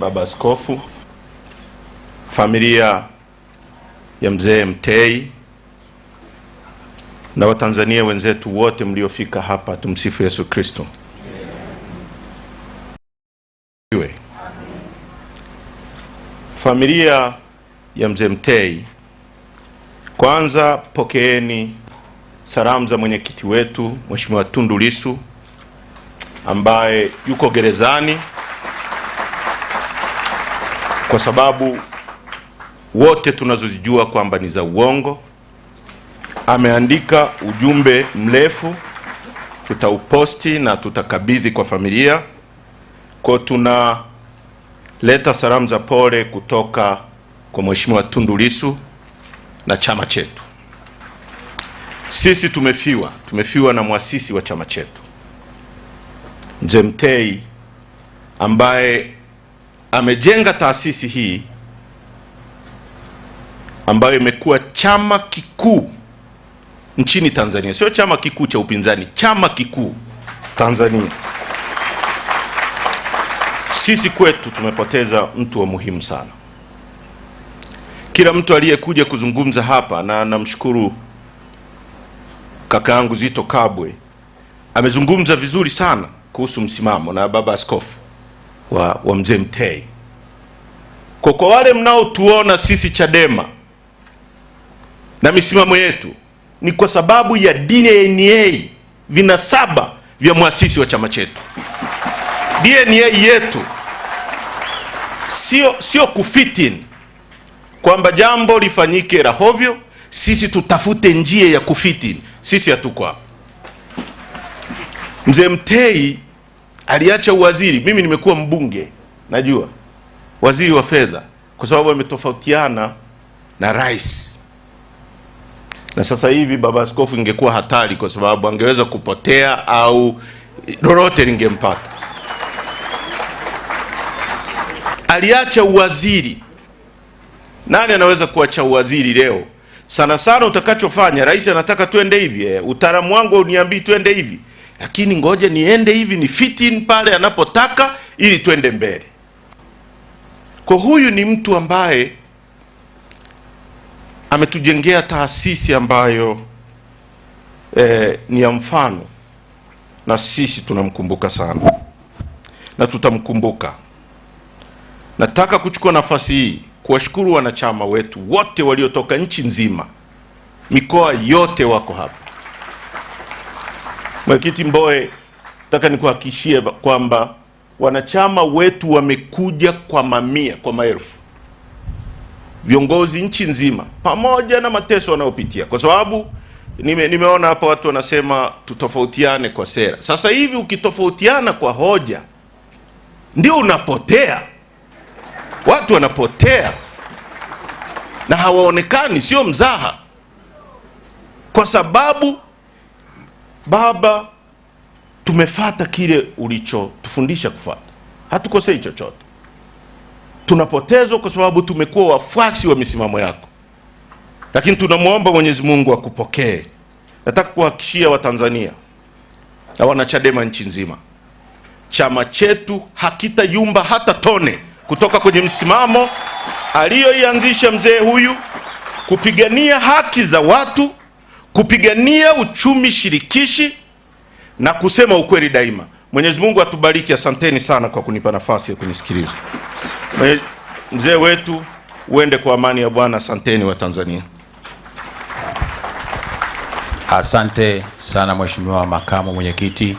baba askofu, familia ya mzee Mtei na Watanzania wenzetu wote mliofika hapa, tumsifu Yesu Kristo. familia ya mzee Mtei, kwanza pokeeni salamu za mwenyekiti wetu Mheshimiwa Tundu ambaye yuko gerezani kwa sababu wote tunazozijua kwamba ni za uongo. Ameandika ujumbe mrefu, tutauposti na tutakabidhi kwa familia. Kwa tunaleta salamu za pole kutoka kwa Mheshimiwa Tundu Lissu na chama chetu. Sisi tumefiwa, tumefiwa na mwasisi wa chama chetu Mzee Mtei ambaye amejenga taasisi hii ambayo imekuwa chama kikuu nchini Tanzania, sio chama kikuu cha upinzani, chama kikuu Tanzania. Sisi kwetu tumepoteza mtu wa muhimu sana. Kila mtu aliyekuja kuzungumza hapa, na namshukuru kaka yangu Zito Kabwe amezungumza vizuri sana kuhusu msimamo na baba askofu wa, wa Mzee Mtei kwa kwa wale mnaotuona sisi Chadema na misimamo yetu ni kwa sababu ya DNA, vina saba vya mwasisi wa chama chetu. DNA yetu sio sio kufitin kwamba jambo lifanyike hovyo, sisi tutafute njia ya kufitin. Sisi hatuko hapa. Mzee Mtei aliacha uwaziri, mimi nimekuwa mbunge, najua waziri wa fedha kwa sababu ametofautiana na rais. Na sasa hivi baba askofu ingekuwa hatari, kwa sababu angeweza kupotea au lolote lingempata. Aliacha uwaziri. Nani anaweza kuacha uwaziri leo? Sana sana utakachofanya rais anataka tuende hivi eh, utaalamu wangu uniambii tuende hivi, lakini ngoja niende hivi, ni fit in pale anapotaka ili twende mbele. Kwa huyu ni mtu ambaye ametujengea taasisi ambayo eh, ni ya mfano, na sisi tunamkumbuka sana na tutamkumbuka. Nataka kuchukua nafasi hii kuwashukuru wanachama wetu wote waliotoka nchi nzima, mikoa yote wako hapa. Mwenyekiti mboe nataka nikuhakikishie kwamba Wanachama wetu wamekuja kwa mamia, kwa maelfu, viongozi nchi nzima, pamoja na mateso wanayopitia, kwa sababu nime, nimeona hapa watu wanasema tutofautiane kwa sera. Sasa hivi ukitofautiana kwa hoja ndio unapotea, watu wanapotea na hawaonekani, sio mzaha, kwa sababu baba tumefata kile ulichotufundisha kufata, hatukosei chochote. Tunapotezwa kwa sababu tumekuwa wafuasi wa misimamo yako, lakini tunamwomba Mwenyezi Mungu akupokee. Nataka kuwahakikishia Watanzania na wanachadema nchi nzima, chama chetu hakitayumba hata tone kutoka kwenye msimamo aliyoianzisha mzee huyu, kupigania haki za watu, kupigania uchumi shirikishi na kusema ukweli daima. Mwenyezi Mungu atubariki. Asanteni sana kwa kunipa nafasi ya kunisikiliza. Mzee wetu uende kwa amani ya Bwana. Asanteni wa Tanzania. Asante sana Mheshimiwa makamu mwenyekiti.